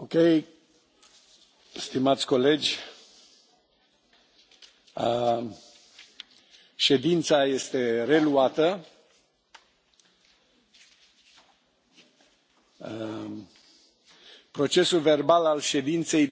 Okay. Stimați colegi, ședința este reluată. Procesul verbal al ședinței